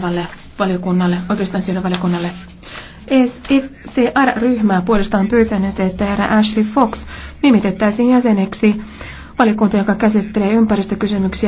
tavalle valiokunnalle, oikeastaan sille valiokunnalle. ECR-ryhmää puolestaan pyytänyt, että herra Ashley Fox nimitettäisiin jäseneksi valiokunta, joka käsittelee ympäristökysymyksiä